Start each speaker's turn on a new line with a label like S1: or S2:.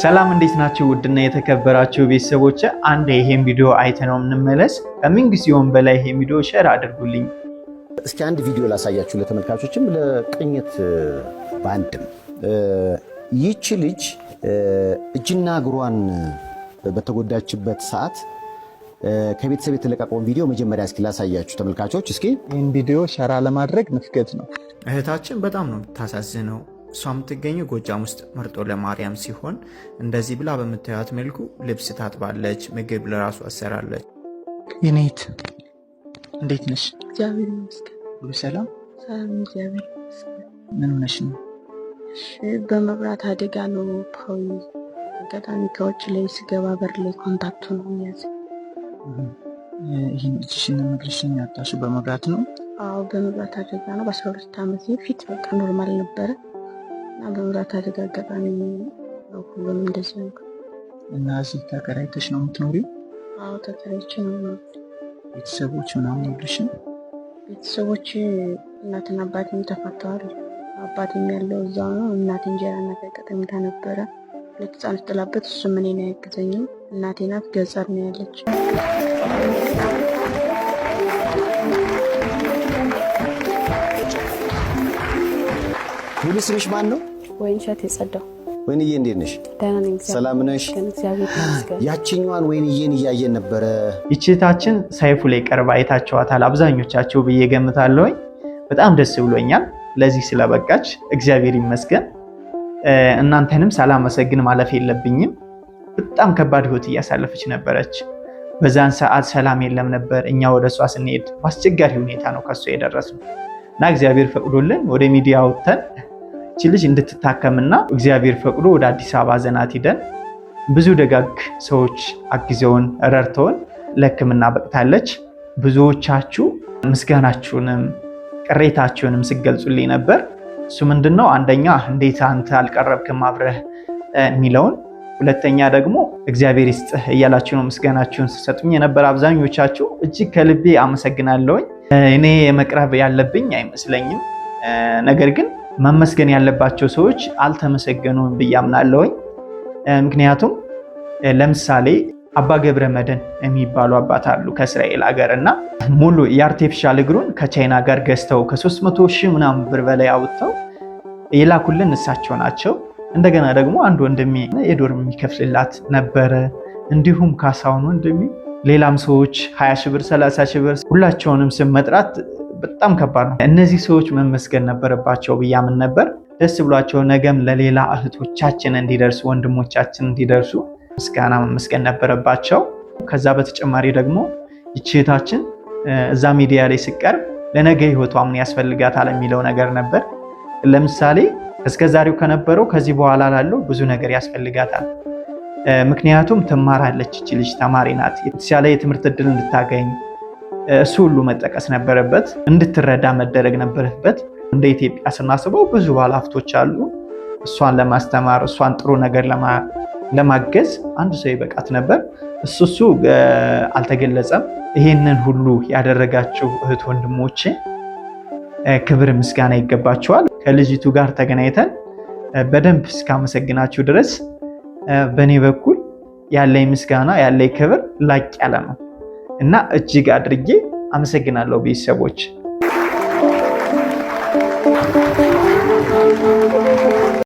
S1: ሰላም እንዴት ናችሁ? ውድና የተከበራችሁ ቤተሰቦች፣ አንድ ይሄን ቪዲዮ አይተነው እንመለስ። ከምንጊዜውም በላይ ይሄን ቪዲዮ ሼር አድርጉልኝ።
S2: እስኪ አንድ ቪዲዮ ላሳያችሁ ለተመልካቾችም ለቅኝት ባንድም። ይቺ ልጅ እጅና እግሯን በተጎዳችበት ሰዓት ከቤተሰብ የተለቀቀውን ቪዲዮ መጀመሪያ እስኪ ላሳያችሁ ተመልካቾች። እስኪ
S1: ይህን ቪዲዮ ሸራ ለማድረግ ምክገት ነው። እህታችን በጣም ነው የምታሳዝነው። እሷ የምትገኘ ጎጃም ውስጥ መርጦ ለማርያም ሲሆን እንደዚህ ብላ በምታዩት መልኩ ልብስ ታጥባለች፣ ምግብ ለራሱ አሰራለች። የኔት እንዴት ነሽ?
S3: እግዚአብሔር ይመስገን። ሁሉ ሰላም ሰላም፣ እግዚአብሔር ይመስገን። ምን ሆነሽ ነው? በመብራት አደጋ ነው ፓዊ። አጋጣሚ ከውጭ ላይ ስገባ በር ላይ ኮንታክቱ ነው ያዘ።
S1: ይህን እጅሽን እግርሽን ያጣሽው በመብራት ነው?
S3: አዎ በመብራት አደጋ ነው። በአስራ ሁለት ዓመት ፊት በቃ ኖርማል ነበረ እና በምራት አደጋ አጋጣሚ ሁሉም እንደዚህ ነው።
S1: እና እዚህ ተከራይተሽ ነው የምትኖሪው?
S3: አዎ ተከራይቼ ነው።
S1: ቤተሰቦች ምናምን የሉሽም?
S3: ቤተሰቦች እናትና አባቴም ተፋተዋል። አባቴም ያለው እዛው ነው። እናቴ እንጀራ እናት ያቀጠምታ ነበረ ሁለት ህጻኖች ጥላበት፣ እሱም እኔን አያግዘኝም። እናቴ ናት ገጸር ነው ያለች
S1: ሙሉ ስምሽ ማን ነው?
S4: ወይንሸት የጸዳው።
S1: ወይንዬ እንዴት ነሽ? ሰላም ነሽ? ያችኛዋን ወይንዬን እያየን ነበረ። ይችታችን ሰይፉ ላይ ቀርባ አይታችኋታል አብዛኞቻቸው ብዬ ገምታለሁኝ። በጣም ደስ ብሎኛል ለዚህ ስለበቃች እግዚአብሔር ይመስገን። እናንተንም ሳላመሰግን ማለፍ የለብኝም። በጣም ከባድ ህይወት እያሳለፈች ነበረች። በዛን ሰዓት ሰላም የለም ነበር። እኛ ወደ እሷ ስንሄድ በአስቸጋሪ ሁኔታ ነው ከሷ የደረስነው እና እግዚአብሔር ፈቅዶልን ወደ ሚዲያ አውጥተን እቺ ልጅ እንድትታከምና እግዚአብሔር ፈቅዶ ወደ አዲስ አበባ ዘናት ሂደን ብዙ ደጋግ ሰዎች አግዘውን ረድተውን ለሕክምና በቅታለች። ብዙዎቻችሁ ምስጋናችሁንም ቅሬታችሁንም ስገልጹልኝ ነበር። እሱ ምንድን ነው አንደኛ እንዴት አንተ አልቀረብክም አብረህ የሚለውን ሁለተኛ ደግሞ እግዚአብሔር ይስጥህ እያላችሁ ነው ምስጋናችሁን ስሰጡኝ የነበር። አብዛኞቻችሁ እጅግ ከልቤ አመሰግናለሁኝ። እኔ የመቅረብ ያለብኝ አይመስለኝም ነገር ግን መመስገን ያለባቸው ሰዎች አልተመሰገኑም ብዬ አምናለሁኝ። ምክንያቱም ለምሳሌ አባ ገብረ መድኅን የሚባሉ አባት አሉ ከእስራኤል ሀገር እና ሙሉ የአርቴፊሻል እግሩን ከቻይና ጋር ገዝተው ከ300 ሺህ ምናምን ብር በላይ አውጥተው የላኩልን እሳቸው ናቸው። እንደገና ደግሞ አንድ ወንድሜ የዶር የሚከፍልላት ነበረ። እንዲሁም ካሳሁን ወንድሜ፣ ሌላም ሰዎች 20 ሺህ ብር፣ 30 ሺህ ብር ሁላቸውንም ስም መጥራት በጣም ከባድ ነው። እነዚህ ሰዎች መመስገን ነበረባቸው ብያምን ነበር። ደስ ብሏቸው ነገም ለሌላ እህቶቻችን እንዲደርሱ ወንድሞቻችን እንዲደርሱ ምስጋና መመስገን ነበረባቸው። ከዛ በተጨማሪ ደግሞ ይችታችን እዛ ሚዲያ ላይ ስቀርብ ለነገ ህይወቷ ምን ያስፈልጋታል የሚለው ነገር ነበር። ለምሳሌ እስከዛሬው ከነበረው ከዚህ በኋላ ላለው ብዙ ነገር ያስፈልጋታል። ምክንያቱም ትማራለች፣ ይች ልጅ ተማሪ ናት። የተሻለ የትምህርት እድል እንድታገኝ እሱ ሁሉ መጠቀስ ነበረበት፣ እንድትረዳ መደረግ ነበረበት። እንደ ኢትዮጵያ ስናስበው ብዙ ባለሀብቶች አሉ። እሷን ለማስተማር እሷን ጥሩ ነገር ለማገዝ አንድ ሰው ይበቃት ነበር። እሱ እሱ አልተገለጸም። ይሄንን ሁሉ ያደረጋችሁ እህት ወንድሞቼ ክብር ምስጋና ይገባችኋል። ከልጅቱ ጋር ተገናኝተን በደንብ እስካመሰግናችሁ ድረስ በእኔ በኩል ያለኝ ምስጋና ያለኝ ክብር ላቅ ያለ ነው። እና እጅግ አድርጌ አመሰግናለሁ ቤተሰቦች።